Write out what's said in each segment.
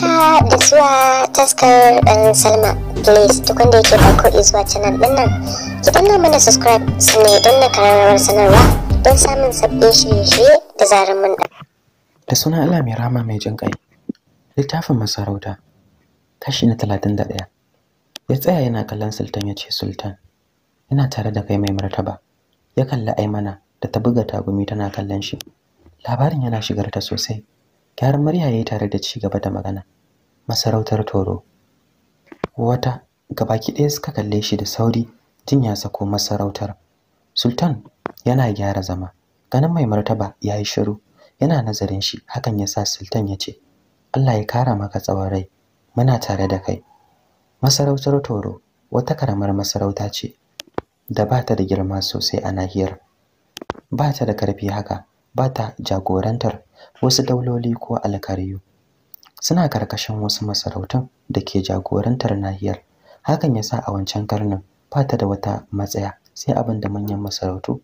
haka ah, da zuwa taskar ɗan um, salma please duk wanda yake farko izuwa canal ɗin nan ki danna mana subscribe ne don na kararrawar sanarwa don samun sabbin shirye-shirye da zarar mun da da suna allah mai rama mai jin ƙai littafin masarauta kashi na talatin da ɗaya ya tsaya yana kallon sultan ya ce sultan ina tare da kai mai martaba ya kalli aimana da ta buga tagumi tana kallon shi labarin yana shigar ta sosai Gyara murya yayi tare da ci gaba da magana. Masarautar Toro. Wata gabaki ɗaya suka kalle shi da sauri jin ya sako masarautar. Sultan yana gyara zama. Ganin mai martaba ya yi shiru yana nazarin shi hakan ya sa Sultan ya ce Allah ya kara maka tsawon rai muna tare da kai. Masarautar Toro wata karamar masarauta ce da ba ta da girma sosai a nahiyar. Ba ta da karfi haka, ba ta jagorantar wasu dauloli ko alkaryu suna karkashin wasu masarautan da ke jagorantar nahiyar hakan ya sa a wancan karnin fata da wata matsaya sai abin da manyan masarautu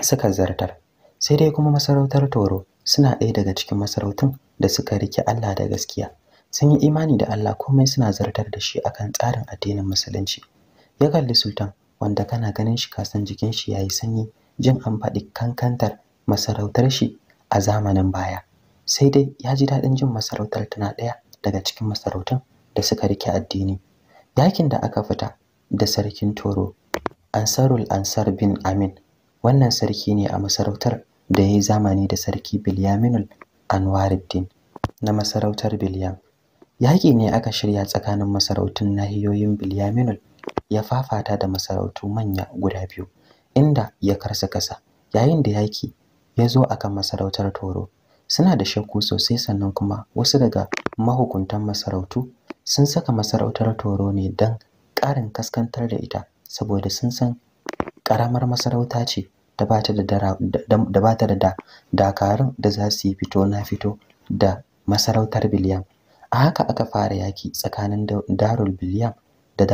suka zartar sai dai kuma masarautar toro suna ɗaya daga cikin masarautun da suka rike Allah da gaskiya sun yi imani da Allah komai suna zartar da shi akan tsarin addinin musulunci ya kalli sultan wanda kana ganin shi kasan jikin shi yayi sanyi jin an faɗi kankantar masarautar shi a zamanin baya sai dai ya ji daɗin jin masarautar tana ɗaya daga cikin masarautun da suka rike addini yakin da aka fita da sarkin toro ansarul ansar bin amin wannan sarki ne a masarautar da ya yi zamani da sarki bilyaminul anwariddin na masarautar bilyam yaƙi ne aka shirya tsakanin masarautun nahiyoyin bilyaminul ya fafata da masarautu manya guda biyu inda ya karsa kasa yayin da yaƙi. ya zo akan masarautar Toro. Suna da shakku sosai sannan kuma wasu daga mahukuntan masarautu sun saka masarautar Toro ne don ƙarin kaskantar da ita saboda sun san ƙaramar masarauta ce da ba ta da dakarun da za su yi fito na fito da masarautar biliyan A haka aka fara yaki tsakanin Darul Biliyam da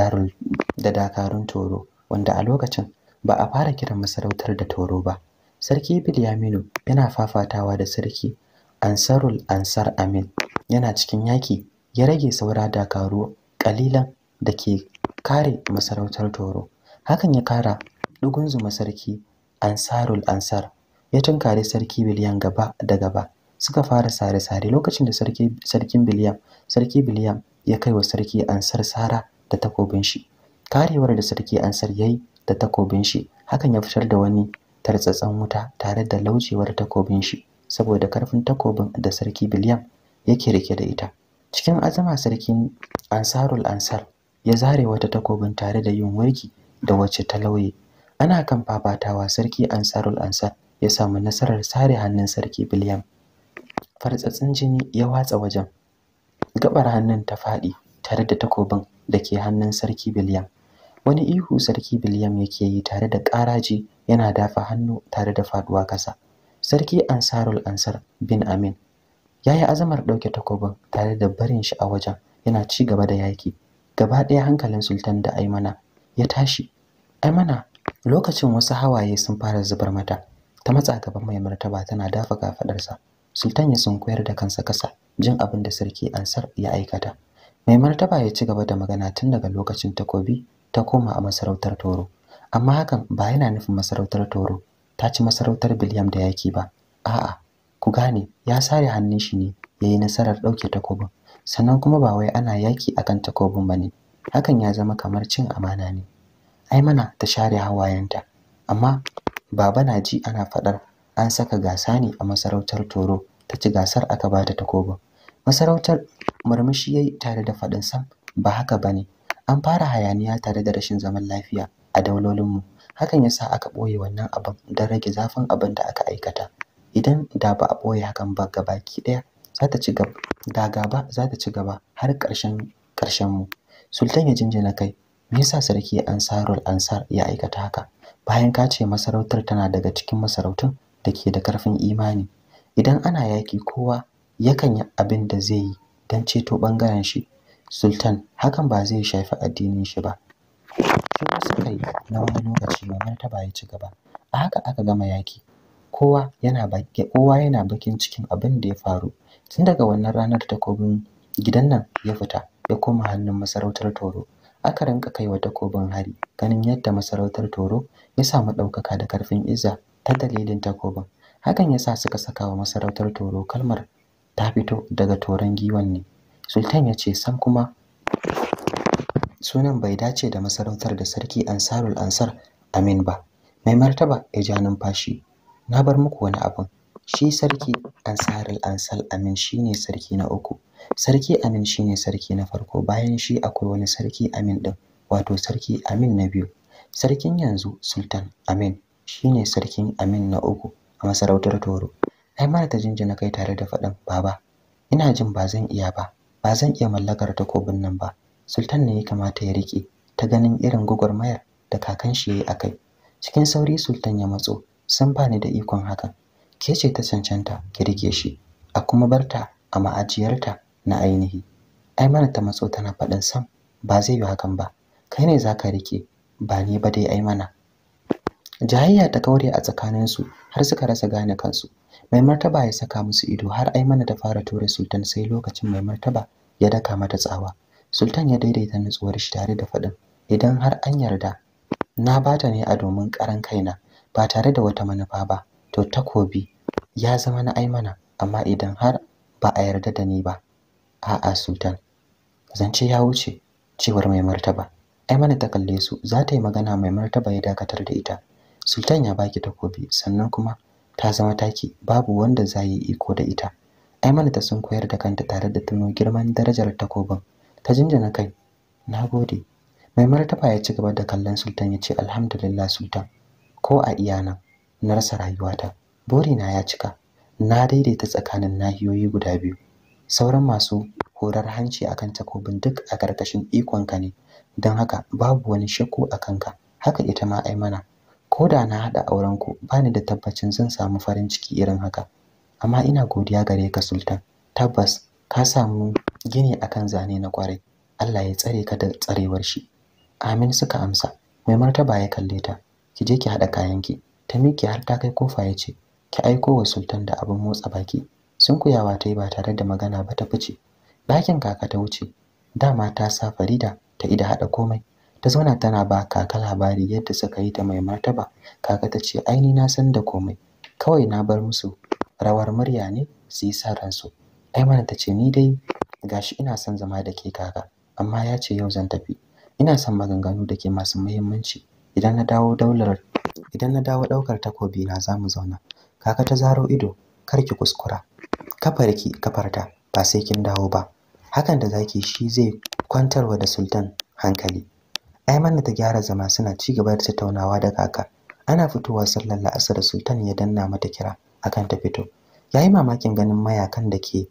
dakarun Toro wanda a lokacin ba a fara kiran masarautar da Toro ba. Sarki Bilyaminu yana fafatawa da Sarki Ansarul Ansar Amin yana cikin yaki ya rage saura dakaru kalilan da ke kare masarautar Toro. Hakan ya kara zuma Sarki Ansarul Ansar ya tunkare Sarki Biliyam gaba da gaba. Suka fara sare-sare lokacin da sarki sarkin Biliyam sarki Biliyam ya kai wa sarki Ansar sara da takobin shi. Karewar da sarki Ansar yayi da takobin shi hakan ya fitar da wani tartsatsan wuta tare da laucewar takobin shi saboda karfin takobin da sarki Biliyam yake rike da ita. Cikin azama sarkin Ansarul Ansar ya zare wata takobin tare da yin warki da wacce ta lauye. Ana kan fafatawa sarki Ansarul Ansar ya samu nasarar sare hannun sarki Biliyam. Fartsatsin jini ya watsa wajen. Gabar hannun ta faɗi tare da takobin da ke hannun sarki Biliyam. wani ihu sarki Biliyam yake yi tare da ƙaraji yana dafa hannu tare da faduwa kasa sarki Ansarul Ansar bin Amin ya yi azamar ɗauke takobin tare da barin shi a wajen yana ci gaba da yaki gaba ɗaya hankalin sultan da Aimana ya tashi Aimana lokacin wasu hawaye sun fara zubar mata ta matsa gaban mai martaba tana dafa kafadarsa sultan ya koyar da kansa kasa jin abin da sarki Ansar ya aikata mai martaba ya ci gaba da magana tun daga lokacin takobi ta koma a masarautar Toro amma hakan ba yana nufin masarautar Toro ta ci masarautar Biliyam da yaki ba a'a ku gane ya sare hannun shi ne ya yi nasarar dauke takobin sannan kuma ba wai ana yaki a kan takobin ba ne. hakan ya zama kamar cin amana ne ai mana ta share hawayenta amma baba na ji ana faɗar an saka gasa ne a masarautar Toro ta ci gasar aka ba ta takobin masarautar murmushi yayi tare da faɗin sam ba haka bane an fara hayaniya tare da rashin zaman lafiya a daulolinmu hakan yasa aka ɓoye wannan abin don rage zafin abin da aka aikata idan da ba a ɓoye hakan ba gabaki ɗaya za ta ci gaba da gaba za ta ci gaba har ƙarshen ƙarshenmu mu sultan ya jinjina kai me yasa sarki ansarul ansar ya aikata haka bayan ka ce masarautar tana daga cikin masarautun da ke da ƙarfin imani idan ana yaki kowa yakan yi abin da zai yi don ceto ɓangaren shi Sultan hakan ba zai shafi addinin shi ba. Shiru suka yi na wani lokaci mai martaba ya ci gaba. A haka aka gama yaki. Kowa yana kowa yana bakin cikin abin da ya faru. Tun daga wannan ranar takobin gidan nan ya fita ya koma hannun masarautar Toro. Aka rinka kai wa takobin hari ganin yadda masarautar Toro ya samu ɗaukaka da karfin izza ta dalilin takobin. Hakan ya sa suka saka wa masarautar Toro kalmar ta fito daga toron giwan ne. sultan ya ce sam kuma sunan bai dace da masarautar da sarki ansarul ansar amin ba mai martaba ya ja numfashi na bar muku wani abin shi sarki ansarul ansar amin shine sarki na uku sarki amin shine sarki na farko bayan shi akwai wani sarki amin din wato sarki amin na biyu sarkin yanzu sultan amin shine sarkin amin na uku a masarautar toro ai mara ta jinjina kai tare da faɗin baba ina jin ba zan iya ba ba zan iya mallakar takobin nan ba sultan ne ya kamata ya rike ta ganin irin gwagwarmayar da kakan shi yayi akai cikin sauri sultan ya matso sun ni da ikon hakan ke ce ta cancanta ki rike shi a kuma barta a ma'ajiyarta na ainihi ai mana ta matso tana faɗin sam ba zai yi hakan ba kai ne zaka rike ba ni ba dai ai mana jahayya ta kaure a tsakaninsu har suka rasa gane kansu mai martaba ya saka musu ido har ai mana da fara tura sultan sai lokacin mai martaba ya daka mata tsawa sultan ya daidaita nutsuwar shi tare da faɗin idan har an yarda na bata ne a domin karan kaina ba tare da wata manufa ba to takobi ya zama na aimana amma idan har ba a yarda da ni ba a'a sultan zance ya wuce cewar mai martaba aimana ta kalle su za ta yi magana mai martaba ya dakatar da ita sultan ya baki takobi sannan kuma ta zama taki babu wanda za yi iko da ita Aimana ta sun koyar da kanta tare da tuno girman darajar takobin ta jinjina kai Na gode. mai martaba ya ci gaba da kallon sultan ya ce alhamdulillah sultan ko a iyana na rasa rayuwata na ya cika na daidaita tsakanin nahiyoyi guda biyu sauran masu horar hanci akan takobin duk a ƙarƙashin ikonka ne don haka babu wani shakku a kanka haka ita ma aimana Koda na haɗa auren ku bani da tabbacin zan samu farin ciki irin haka amma ina godiya gare ka sultan tabbas ka samu gini akan zane na kwarai Allah ya tsare ka da tsarewar shi amin suka amsa mai martaba ya kalle ta ki je ki haɗa kayanki ta miki har ta kai kofa ya ce ki aiko wa sultan da abin motsa baki sun kuyawa ta yi ba tare da magana ba ta fice ɗakin kaka ta wuce dama ta sa farida ta ida haɗa komai ta zauna tana ba kaka labari yadda suka yi da mai martaba kaka ta ce aini na san da komai kawai na bar musu rawar murya ne su yi sa ransu ai mana ta ce ni dai gashi ina son zama da ke kaka amma ya ce yau zan tafi ina son maganganu da ke masu muhimmanci idan na dawo daular idan na dawo daukar takobi na zamu zauna kaka ta zaro ido kar ki kuskura kafarki kafarta ba sai kin dawo ba hakan da zaki shi zai kwantarwa da sultan hankali da ta gyara zama suna ci gaba da tattaunawa da kaka. Ana fitowa sallar la'asar Sultan ya danna mata kira akan ta fito. yi mamakin ganin mayakan da ke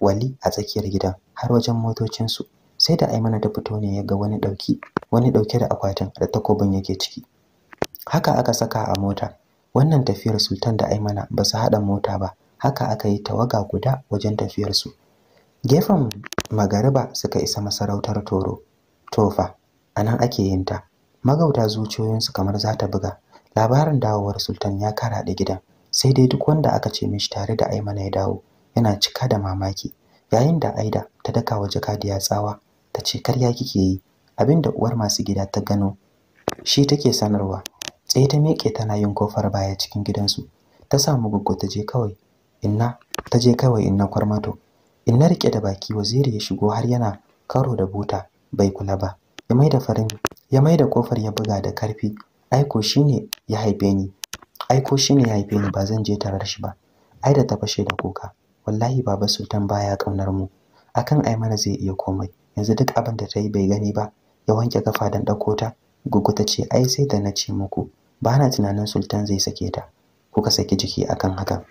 wali a tsakiyar gidan har wajen motocinsu. Sai da Aimana ta fito ne ya ga wani dauki, wani dauke da akwatin da takobin yake ciki. Haka aka saka a mota. Wannan tafiyar Sultan da Aimana ba su haɗa mota ba, haka aka yi tawaga guda wajen tafiyarsu. Gefen magariba suka isa masarautar Toro. Tofa, a nan ake yin ta magauta zuciyoyinsu kamar za ta buga labarin dawowar sultan ya kara karaɗe gidan sai dai duk wanda aka ce mishi tare da aimana ya dawo yana cika da mamaki yayin da aida ta daka wa jakadiya tsawa ta ce karya kike yi abin da uwar masu gida ta gano shi take sanarwa tsaye ta miƙe tana yin kofar baya cikin gidansu ta samu gugu ta je kawai inna ta je kawai inna kwarmato inna rike da baki waziri ya shigo har yana karo da buta bai kula ba ya maida farin ya maida kofar ya buga da karfi aiko shine ya haife ni aiko shine ya haife ni ba zan je tarar shi ba ai da tafashe da kuka wallahi baba sultan baya kaunar mu akan ai mana zai iya komai yanzu duk abin da ta yi bai gani ba ya wanke kafa dan dauko ta gugu ta ce ai sai da na ce muku ba na tunanin sultan zai sake ta kuka saki jiki akan haka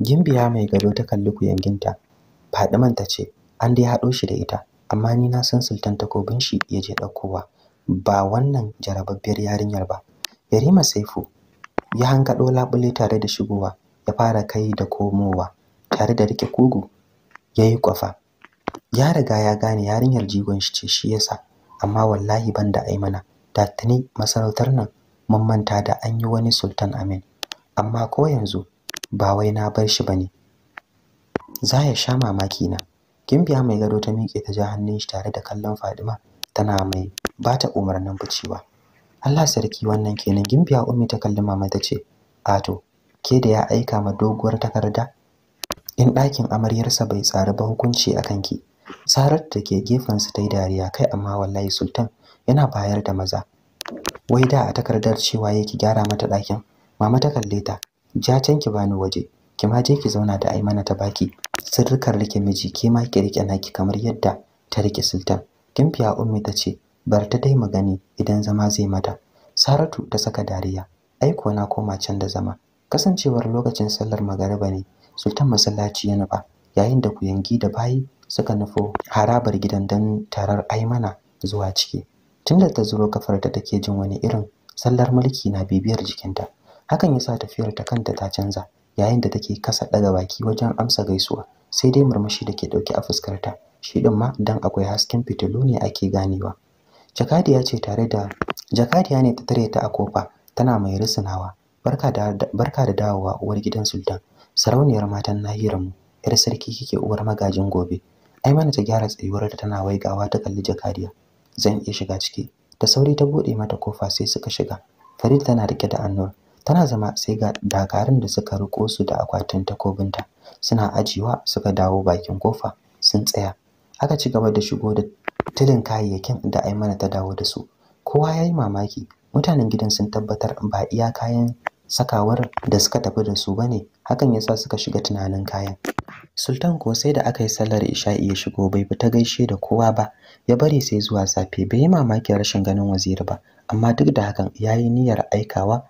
gimbiya mai gado ta kalli kuyanginta fadiman ta ce an dai haɗo shi da ita amma ni na san sultan takobin shi ya je ɗaukowa ba wannan jarababbiyar yarinyar ba yarima saifu ya hankaɗo labule tare da shigowa ya fara kai da komowa tare da rike kugu ya yi kwafa ya riga ya gane yarinyar jigon shi ce shi yasa amma wallahi ban da aimana da tuni masarautar nan mun manta da an yi wani sultan amin amma ko yanzu ba wai na bar shi ba ne. za ya sha mamaki na gimbiya mai gado ta miƙe ta ja hannun shi tare da kallon fadima tana mai ba ta umarnin ficewa allah sarki wannan kenan gimbiya ummi ta kalli mama ta ce ato ke da ya aika ma doguwar takarda in ɗakin amaryarsa bai tsari ba hukunci a kanki sarar da ke gefen su ta yi dariya kai amma wallahi sultan yana bayar da maza wai da a takardar cewa yake gyara mata ɗakin mama ta kalle ta ja can ki bani waje ki ma je ki zauna da Aimana ta baki sirrikar rike miji ke ma ki rike naki kamar yadda ta rike sultan kimfiya ummi ta ce bar ta dai magani idan zama zai mata saratu ta saka dariya ai kuwa na koma can da zama kasancewar lokacin sallar magariba ne sultan masallaci ya nufa yayin da kuyangi da bayi suka nufo harabar gidan dan tarar aimana zuwa ciki tunda ta zuro kafar ta take jin wani irin sallar mulki na bibiyar jikinta hakan yasa tafiyar ta kanta ta canza yayin da take kasa daga baki wajen amsa gaisuwa sai dai murmushi da ke dauke a fuskarta shi din ma dan akwai hasken fitilu ne ake ganewa jakadiya ce tare da jakadiya ne ta tare ta a kofa tana mai risinawa barka da barka da dawowa uwar gidan sultan sarauniyar matan mu. yar sarki kike uwar magajin gobe ai mana ta gyara tsayuwar ta tana waigawa ta kalli jakadiya zan iya shiga ciki da sauri ta bude mata kofa sai suka shiga farid tana rike da annur tana zama sai ga dakarun da suka riko su da akwatin takobinta suna ajiwa suka dawo bakin kofa sun tsaya aka ci gaba da shigo da tilin kayayyakin da mana ta dawo da su kowa yayi mamaki mutanen gidan sun tabbatar ba iya kayan sakawar da suka tafi da su bane hakan yasa suka shiga tunanin kayan sultan ko sai da aka yi sallar isha'i ya shigo bai fita gaishe da kowa ba ya bari sai zuwa safe bai yi mamakin rashin ganin waziri ba amma duk da hakan ya yi niyyar aikawa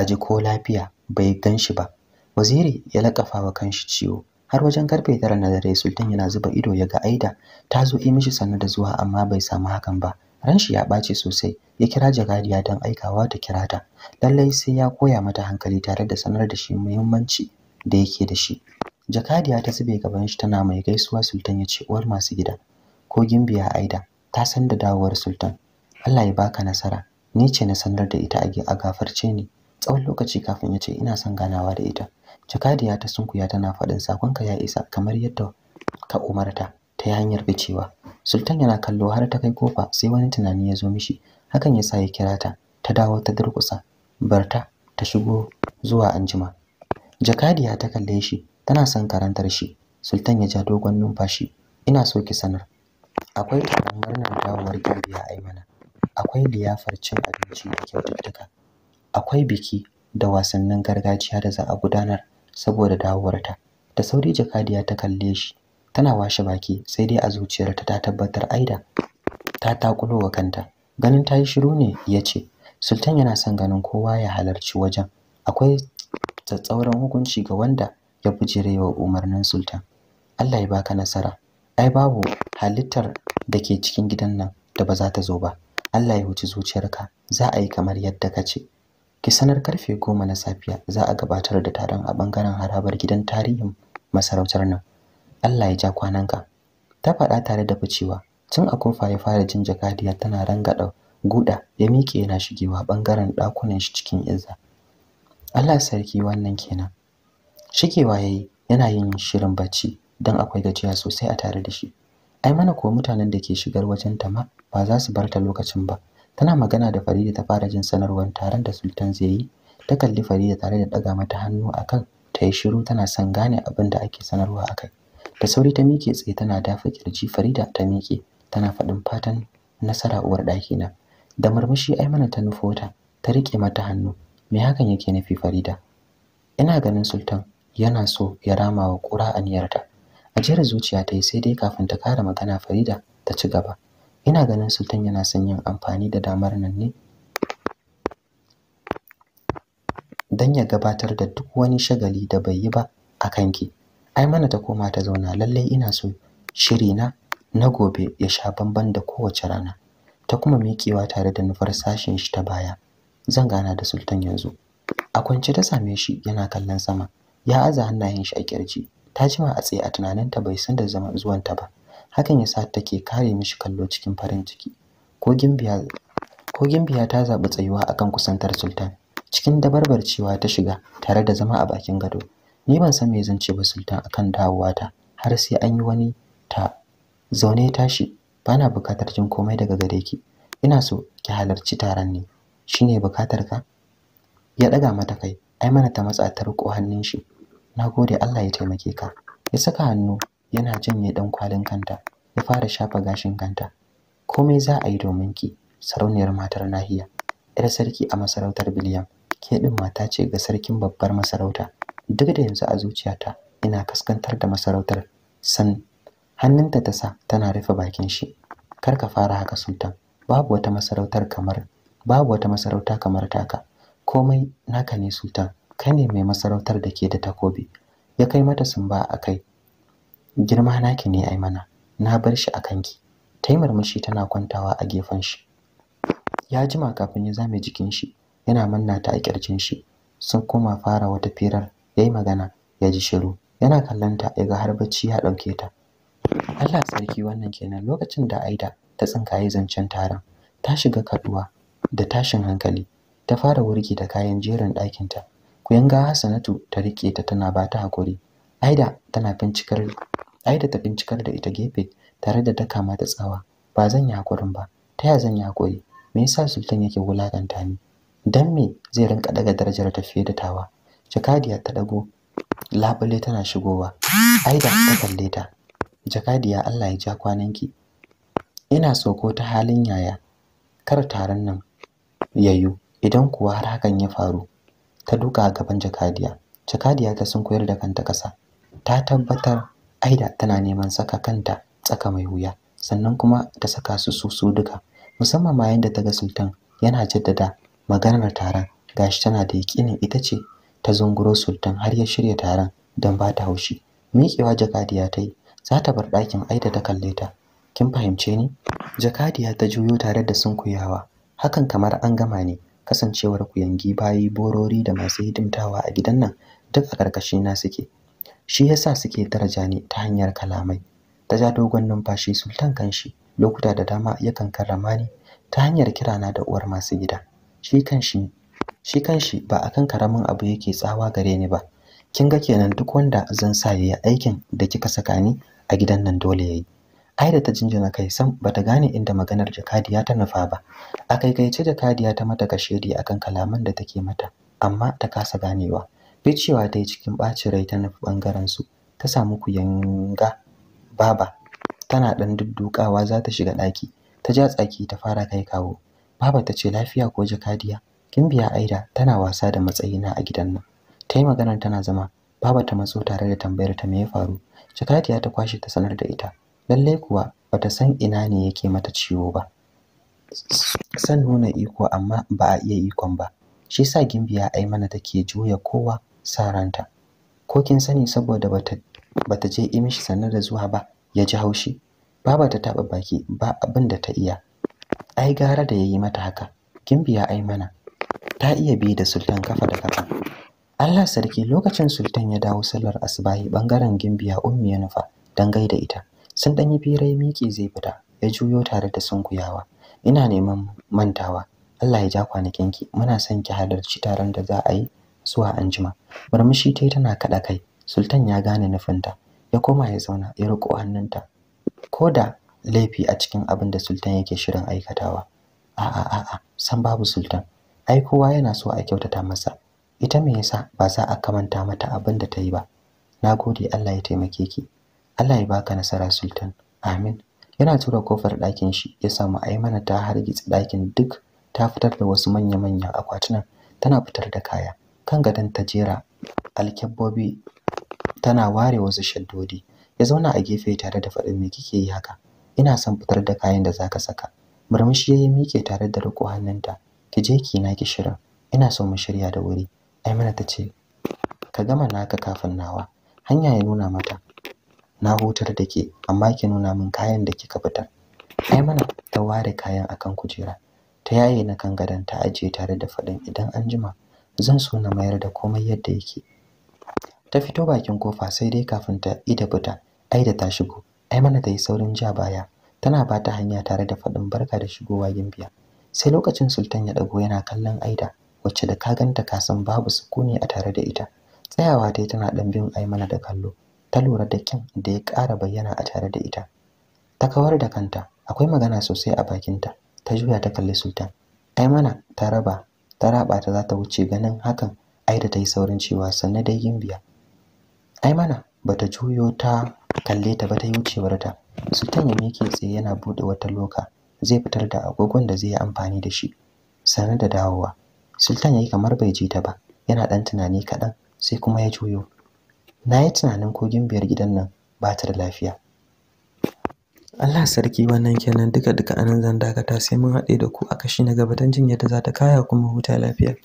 aji ko lafiya bai gan shi ba waziri ya laƙafa wa kanshi ciwo har wajen karfe tara na dare sultan yana zuba ido ya ga aida ta zo yi mishi sannu da zuwa amma bai samu hakan ba ran shi ya ɓaci sosai ya kira jagadiya don aikawa ta kira ta lallai sai ya koya mata hankali tare da sanar da shi muhimmanci da yake da shi jakadiya ta zube gaban shi tana mai gaisuwa sultan ya ce uwar masu gida ko gimbiya aida ta san da dawowar sultan allah ya baka nasara ni ce na sanar da ita a gafarce ne. tsawon lokaci kafin ya ce ina son ganawa da ita jakadiya ta sunkuya tana faɗin sakonka ya isa kamar yadda ka umarta ta hanyar bicewa sultan yana kallo har ta kai kofa sai wani tunani ya zo mishi hakan ya sa ya kira ta ta dawo ta durƙusa barta ta shigo zuwa anjima jakadiya ta kalle shi tana son karantar shi sultan ya ja dogon numfashi ina so ki sanar akwai taron murnar dawowar gimbiya mana. akwai liyafar cin abinci da kyaututtuka akwai biki da wasannin gargajiya da za a gudanar saboda dawowarta da sauri jakadiya ta kalle shi tana washe baki sai dai a zuciyarta ta tabbatar aida ta takulowa kanta ganin ta yi shiru ne ya ce sultan yana son ganin kowa ya halarci wajen akwai tsatsauran hukunci ga wanda ya bijirewa umarnin sultan Allah ya baka nasara ai babu halittar da ke cikin gidan nan da ba za ta zo ba Allah ya huci zuciyarka za a yi kamar yadda ka ce ki sanar karfe goma na safiya za a gabatar da taron a bangaren harabar gidan tarihin masarautar nan Allah ya ja kwananka ta faɗa tare da ficewa tun a kofa ya fara jin jakadiya tana rangada guda ya miƙe yana shigewa bangaren ɗakunan shi cikin izza Allah sarki wannan kenan shigewa yayi yana yin shirin bacci don akwai gajiya sosai a tare da shi ai mana ko mutanen da ke shigar wajen ta ma ba za su barta lokacin ba tana magana da Farida ta fara jin sanarwar taron da Sultan zai yi ta kalli Farida tare da ɗaga mata hannu akan ta yi shiru tana son gane abin da ake sanarwa akai da sauri ta miƙe tsaye tana dafa kirji Farida ta miƙe tana faɗin fatan nasara uwar ɗaki na da murmushi ai mana ta nufo ta ta riƙe mata hannu me hakan yake nufi Farida ina ganin Sultan yana so ya rama wa a aniyarta ajiyar zuciya ta yi sai dai kafin ta kara magana Farida ta ci gaba ina ganin sultan yana son yin amfani da damar nan ne dan ya gabatar da duk wani shagali da bai yi ba a kanki ai mana ta koma ta zauna lallai ina so shiri na na gobe ya sha bamban da kowace rana ta kuma miƙewa tare da nufar sashen shi ta baya zan gana da sultan yanzu a kwance ta same shi yana kallon sama ya aza hannayen shi a kirji ta jima a tsaye a tunaninta bai san da zaman zuwanta ba hakan ya yasa take kare mishi kallo cikin farin ciki Kogin biya kogin biya ta zaɓi tsayuwa akan kusantar sultan cikin dabarbarcewa ta shiga tare da zama a bakin gado ni ban san me zan ce ba sultan akan dawowa ta. har sai an yi wani ta zaune tashi bana bukatar jin komai daga gare ki ina so ki halarci taron ne shine bukatar ka ya daga mata kai ai mana ta matsa ta riko hannun shi nagode Allah ya taimake ka ya saka hannu yana jin dan kwalin kanta ya fara shafa gashin kanta komai za a yi domin ki sarauniyar matar nahiya yar sarki a masarautar biliyam ke din mata ce ga sarkin babbar masarauta duk da yanzu a zuciyata ina kaskantar da masarautar san hannunta ta sa tana rufe bakin shi kar ka fara haka sultan babu wata masarautar kamar babu wata masarauta kamar taka komai naka ne sultan kai ne mai masarautar da ke da takobi ya kai mata sumba a kai girma naki ne ai mana na bar shi a kanki ta yi tana kwantawa a gefen shi ya jima kafin ya zame jikin shi yana manna ta a kirjin shi sun koma fara wata firar yayi magana ya ji shiru yana kallon ta ya ga har bacci ya dauke ta Allah sarki wannan kenan lokacin da Aida ta tsinkaye zancen taron ta shiga kaduwa da tashin hankali ta fara wurgi da kayan jerin ɗakinta. yanga Hassanatu ta rike ta tana ba ta hakuri Aida tana bincikar Aida ta bincikar da ita gefe tare da daka mata tsawa ba zan yi hakurin ba ta ya zan yi hakuri me yasa sultan yake wulakanta ni dan me zai rinka daga darajar ta fiye da tawa jakadiya ta dago labule tana shigowa Aida ta kalle ta jakadiya Allah ya ja kwananki ina soko ta halin yaya kar taron nan yayu idan kuwa har hakan ya faru ta duka gaban jakadiya jakadiya ta sunkuyar da kanta kasa ta tabbatar aida tana neman saka kanta tsaka mai wuya sannan kuma ta saka su su su duka musamman ma yanda ta ga sultan yana jaddada maganar taron gashi tana da yakinin ita ce ta zunguro sultan har ya shirya taron don ba ta haushi miƙewa jakadiya ta yi za ta bar ɗakin aida ta kalle ta kin fahimce ni jakadiya ta juyo tare da sunkuyawa hakan kamar an gama ne kasancewar ku, yangi, bayi borori da masu hidimtawa a gidan nan duk a na suke shi yasa suke daraja ni ta hanyar kalamai ta ja dogon numfashi sultan kanshi lokuta da dama yakan karrama ni ta hanyar kirana da uwar masu gida shi kanshi shi kanshi ba akan karamin abu yake tsawa gare ni ba kin ga kenan duk wanda zan sa yayi aikin da kika saka ni a gidan nan dole yayi da ta jinjina kai sam bata gane inda maganar Jakadiya ta nufa ba. A ce Jakadiya ta mata kashedi akan kalaman da take mata, amma ta kasa ganewa. cewa ta yi cikin ɓacin rai ta nufi ɓangaren su, ta samu ku yanga. Baba tana ɗan duddukawa za ta shiga ɗaki. Ta ja tsaki ta fara kai kawo. Baba ta ce lafiya ko jakadiya? Kin biya Aida tana wasa da matsayina a gidan nan. Ta yi maganar tana zama. Baba ta matso tare da tambayar ta me ya faru. Jakadiya ta kwashe ta sanar da ita. Lallai kuwa bata san ina ne yake mata ciwo ba. San nuna iko amma ba a iya ikon ba. Shi sa Gimbiya ai mana take juya kowa Saranta, ko kin sani saboda bata bata je yi mishi sanar da zuwa ba ya ji haushi baba ta taba baki ba abin da ta iya ai gara da yayi mata haka kin biya ai mana ta iya bi da sultan kafa da kafa Allah sarki lokacin sultan ya dawo sallar asbahi bangaren gimbiya ummi ya nufa dan gaida ita sun yi firai miki zai fita ya juyo tare da sunkuyawa ina neman mantawa Allah ya ja kwanakin ki muna son ki halarci taron da za a yi zuwa anjima murmushi ta tana kaɗa kai sultan ya gane nufinta ya koma ya zauna ya riko hannunta ko da laifi a cikin abin da sultan yake shirin aikatawa a'a a san babu sultan ai kowa yana so a kyautata masa ita me yasa ba za a kamanta mata abin da ta yi ba nagode Allah ya taimake ki Allah ya baka nasara sultan amin yana tura kofar ɗakin shi ya samu aimana ta hargitsa ɗakin duk ta fitar da wasu manya-manyan akwatunan tana fitar da kaya kan gadon ta jera alkyabbobi tana ware wasu shaddodi ya zauna a gefe tare da faɗin me kike yi haka ina son fitar da kayan da zaka saka murmushi ya mike tare da riko hannunta ki je ki na ki shirin ina so mu shirya da wuri aimana ta ce ka gama naka kafin nawa hanya ya nuna mata na hutar da ke amma ki nuna min kayan da kika fitar aimana ta ware kayan akan kujera ta yaye na kan gadon ta ajiye tare da faɗin idan an jima zan so na mayar da komai yadda yake ta fito bakin kofa sai dai kafin ta ida fita ai da ta shigo ai mana ta yi saurin ja baya tana ba ta hanya tare da faɗin barka da shigowa gimbiya sai lokacin sultan ya ɗago yana kallon aida wacce da ka ganta ka san babu sukuni a tare da ita tsayawa ta tana ɗanbin bin mana da kallo ta lura da kyan da ya ƙara bayyana a tare da ita ta kawar da kanta akwai magana sosai a bakinta ta juya ta kalli sultan ai mana ta raba ta raba ta za ta wuce ganin hakan da ta yi saurin cewa sanne dai gimbiya ai mana bata juyo ta kalle ta ba ta yi wucewar ta sultan ya yake tsaye yana bude wata loka zai fitar da agogon da zai yi amfani da shi sanar da dawowa sultan ya kamar bai ji ta ba yana dan tunani kaɗan sai kuma ya juyo na yi tunanin ko gimbiyar gidan nan ba ta da lafiya Allah sarki wannan kenan duka duka anan zan dakata sai mun haɗe da ku a kashi na gaba don jin yadda za ta kaya kuma huta lafiya